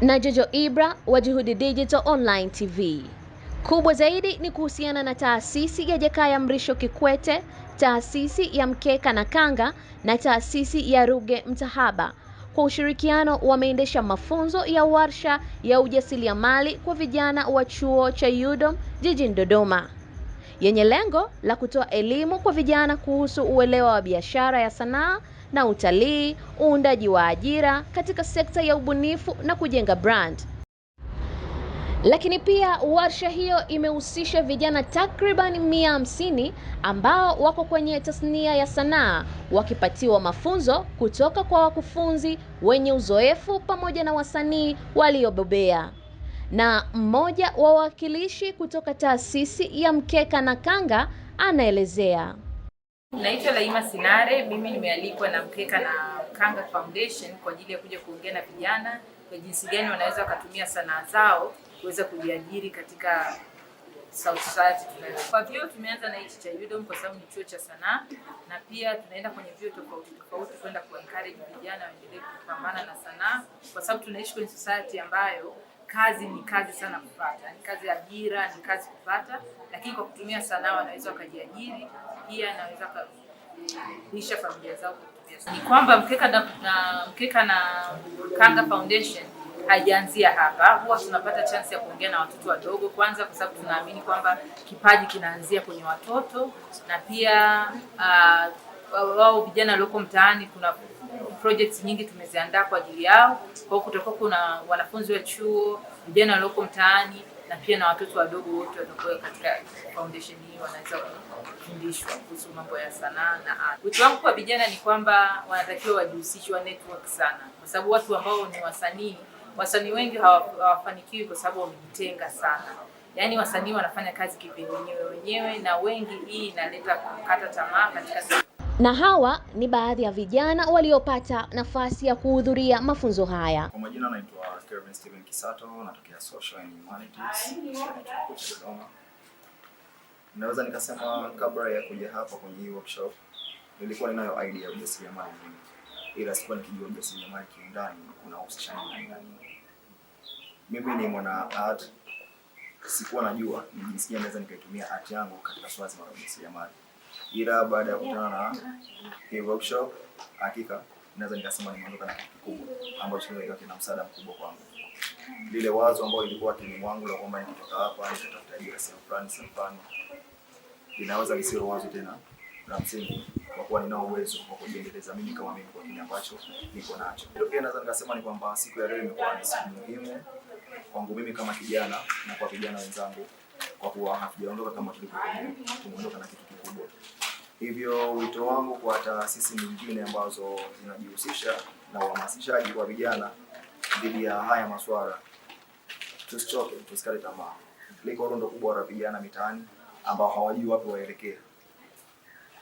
na Jojo Ibra wa Juhudi Digital Online TV. Kubwa zaidi ni kuhusiana na taasisi ya Jakaya Mrisho Kikwete, taasisi ya Mkeka na Kanga na taasisi ya Ruge Mtahaba kwa ushirikiano wameendesha mafunzo ya warsha ya ujasiriamali kwa vijana wa chuo cha UDOM jijini Dodoma yenye lengo la kutoa elimu kwa vijana kuhusu uelewa wa biashara ya sanaa na utalii, uundaji wa ajira katika sekta ya ubunifu na kujenga brand. Lakini pia warsha hiyo imehusisha vijana takriban mia hamsini ambao wako kwenye tasnia ya sanaa wakipatiwa mafunzo kutoka kwa wakufunzi wenye uzoefu pamoja na wasanii waliobobea. Na mmoja wa wawakilishi kutoka taasisi ya Mkeka na Kanga anaelezea. Naitwa Laima Sinare, mimi nimealikwa na Mkeka na Kanga Foundation kwa ajili ya kuja kuongea na vijana kwa jinsi gani wanaweza wakatumia sanaa zao kuweza kujiajiri katika South Society. Kwa vyuo tumeanza na hichi cha UDOM kwa sababu ni chuo cha sanaa na pia tunaenda kwenye vyuo tofauti tofauti kwenda kuencourage vijana waendelee kupambana na sanaa kwa sababu tunaishi kwenye society ambayo kazi ni kazi sana kupata, ni kazi ajira ni kazi kupata, lakini kwa kutumia sanaa wanaweza wakajiajiri pia, anaweza kuisha familia zao kwa kutumia sanaa. Ni kwamba mkeka na, na mkeka na kanga foundation haijaanzia hapa. Huwa tunapata chance ya kuongea na watoto wadogo kwanza, kwa sababu tunaamini kwamba kipaji kinaanzia kwenye watoto na pia ah, wao vijana walioko mtaani kuna projects nyingi tumeziandaa kwa ajili yao. Kwa hiyo kutakuwa kuna wanafunzi wa chuo, vijana walioko mtaani na pia na watoto wadogo wote watakuwa katika foundation hii wanaweza kufundishwa kuhusu mambo ya sanaa na art. Wito wangu kwa vijana ni kwamba wanatakiwa wajihusishe wa network sana, kwa sababu watu ambao ni wasanii, wasanii wengi hawafanikiwi kwa sababu wamejitenga sana. Yaani wasanii wanafanya kazi wenyewe wenyewe, na wengi hii inaleta kukata tamaa katika na hawa ni baadhi ya vijana waliopata nafasi ya kuhudhuria mafunzo haya. Kwa majina anaitwa Kevin Steven Kisato, natokea Social and Humanities. Naweza nikasema kabla ya kuja hapa kwenye hii workshop nilikuwa ninayo idea ya ujasiriamali mingi, ila sikuwa nikijua ujasiriamali kiundani unahusisha nini na nini. Mimi ni mwana art, sikuwa najua ni jinsi gani naweza nikaitumia art yangu katika swala zima la ujasiriamali ila baada ya kukutana na hii workshop, hakika naweza nikasema nimeondoka na kitu kikubwa ambacho kina msaada mkubwa kwangu. Lile wazo ambalo lilikuwa akilini mwangu la kwamba nikitoka hapa nitatafuta ajira sehemu fulani sehemu fulani, linaweza lisiwe wazo tena la msingi, kwa kuwa ninao uwezo wa kujiendeleza mimi kama mimi kwa kile ambacho niko nacho. Pia naweza nikasema ni kwamba siku ya leo imekuwa ni siku muhimu kwangu mimi kama kijana na kwa vijana wenzangu kwa kuwa hatujaondoka kama tumeondoka na kitu kikubwa. Hivyo wito wangu kwa taasisi nyingine ambazo zinajihusisha na uhamasishaji kwa vijana dhidi ya haya masuala, tusichoke, tusikate tamaa. Liko rundo kubwa la vijana mitaani ambao hawajui wapi waelekea,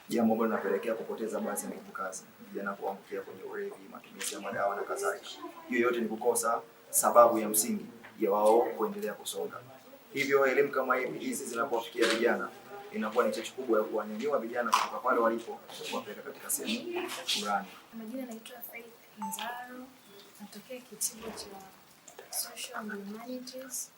jambo ambalo linapelekea kupoteza baadhi ya nguvu kazi, vijana kuangukia kwenye ulevi, matumizi ya madawa na kadhalika. Hiyo yote ni kukosa sababu ya msingi ya wao kuendelea kusonga. Hivyo elimu kama hizi zinapowafikia vijana inakuwa ni chachu kubwa ya kuwanyanyua vijana kutoka pale walipo kuwapeleka katika sehemu fulani. Majina naitwa Faith Nzaro, natokea kitivo cha Social Humanities.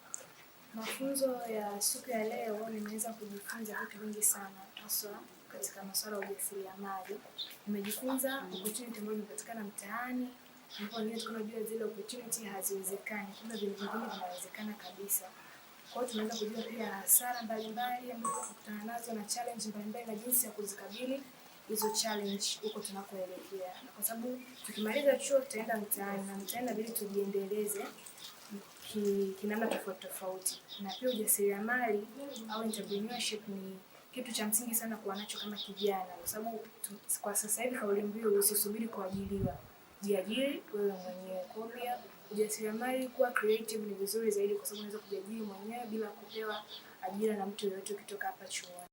Mafunzo ya siku ya leo, nimeweza kujifunza vitu vingi sana, hasa katika masuala ya ujasiriamali. Nimejifunza opportunity ambayo zinapatikana mtaani ambao tunajua zile opportunity haziwezekani, kuna vile vingine vinawezekana kabisa. Kwa hiyo tunaweza kujua pia hasara mbalimbali ambazo tunakutana nazo na challenge mbalimbali na jinsi ya kuzikabili hizo challenge huko tunakoelekea, kwa sababu tukimaliza chuo tutaenda mtaani na mtaani inabidi tujiendeleze kinamna tofauti tofauti, na pia ujasiriamali au entrepreneurship ni kitu cha msingi sana kuwa nacho kama kijana, kwa sababu kwa sasa hivi kauli mbiu usisubiri kuajiliwa kujiajiri wewe mwenyewe. Kwa hiyo pia ujasiriamali, kuwa creative ni vizuri zaidi, kwa sababu unaweza kujiajiri mwenyewe bila kupewa ajira na mtu yoyote ukitoka hapa chuoni.